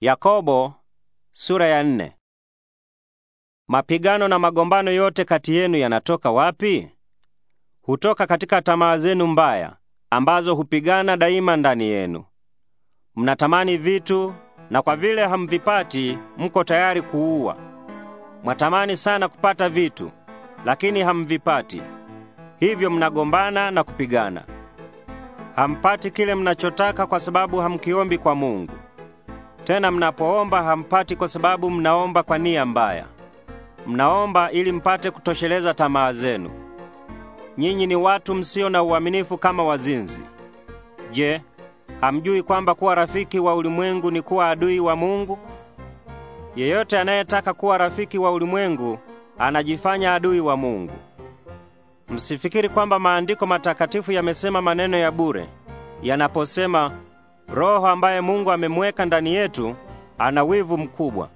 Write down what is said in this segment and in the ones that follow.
Yakobo sura ya nne. Mapigano na magombano yote kati yenu yanatoka wapi? Hutoka katika tamaa zenu mbaya ambazo hupigana daima ndani yenu. Mnatamani vitu na kwa vile hamvipati mko tayari kuua. Mwatamani sana kupata vitu lakini hamvipati. Hivyo mnagombana na kupigana. Hampati kile mnachotaka kwa sababu hamkiombi kwa Mungu. Tena mnapoomba hampati kwa sababu mnaomba kwa nia mbaya. Mnaomba ili mpate kutosheleza tamaa zenu. Nyinyi ni watu msio na uaminifu kama wazinzi. Je, hamjui kwamba kuwa rafiki wa ulimwengu ni kuwa adui wa Mungu? Yeyote anayetaka kuwa rafiki wa ulimwengu anajifanya adui wa Mungu. Msifikiri kwamba maandiko matakatifu yamesema maneno ya bure yanaposema Roho ambaye Mungu amemweka ndani yetu ana wivu mkubwa,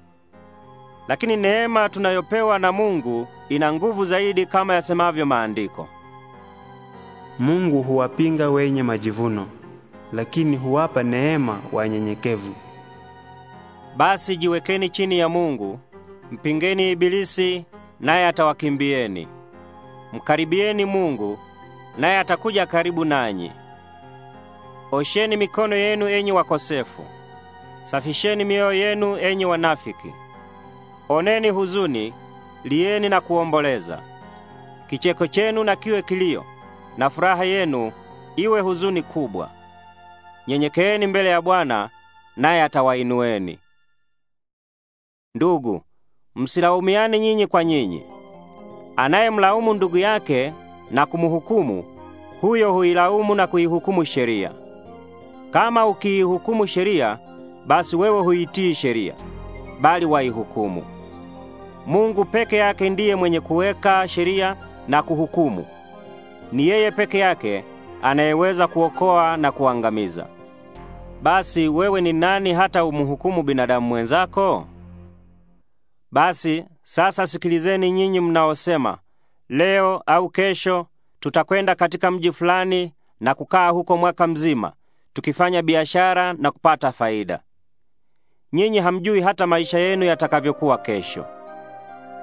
lakini neema tunayopewa na Mungu ina nguvu zaidi, kama yasemavyo Maandiko. Mungu huwapinga wenye majivuno, lakini huwapa neema wanyenyekevu. Basi jiwekeni chini ya Mungu, mpingeni Ibilisi naye atawakimbieni. Mkaribieni Mungu naye atakuja karibu nanyi. Osheni mikono yenu enyi wakosefu, safisheni mioyo yenu enyi wanafiki. Oneni huzuni, lieni na kuomboleza. Kicheko chenu na kiwe kilio, na furaha yenu iwe huzuni kubwa. Nyenyekeeni mbele ya Bwana, naye atawainueni. Ndugu, msilaumiane nyinyi kwa nyinyi. Anayemlaumu ndugu yake na kumhukumu, huyo huilaumu na kuihukumu sheria. Kama ukiihukumu sheria, basi wewe huitii sheria, bali waihukumu. Mungu peke yake ndiye mwenye kuweka sheria na kuhukumu. Ni yeye peke yake anayeweza kuokoa na kuangamiza. Basi wewe ni nani hata umhukumu binadamu mwenzako? Basi sasa sikilizeni nyinyi mnaosema, leo au kesho tutakwenda katika mji fulani na kukaa huko mwaka mzima tukifanya biashara na kupata faida. Nyinyi hamjui hata maisha yenu yatakavyokuwa kesho.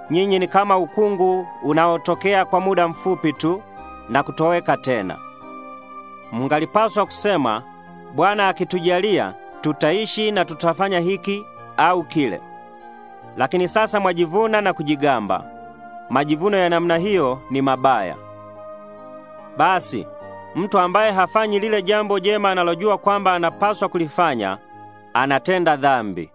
Nyinyi ni kama ukungu unaotokea kwa muda mfupi tu na kutoweka tena. Mngalipaswa kusema, Bwana akitujalia tutaishi na tutafanya hiki au kile. Lakini sasa mwajivuna na kujigamba. Majivuno ya namna hiyo ni mabaya. Basi Mtu ambaye hafanyi lile jambo jema analojua kwamba anapaswa kulifanya anatenda dhambi.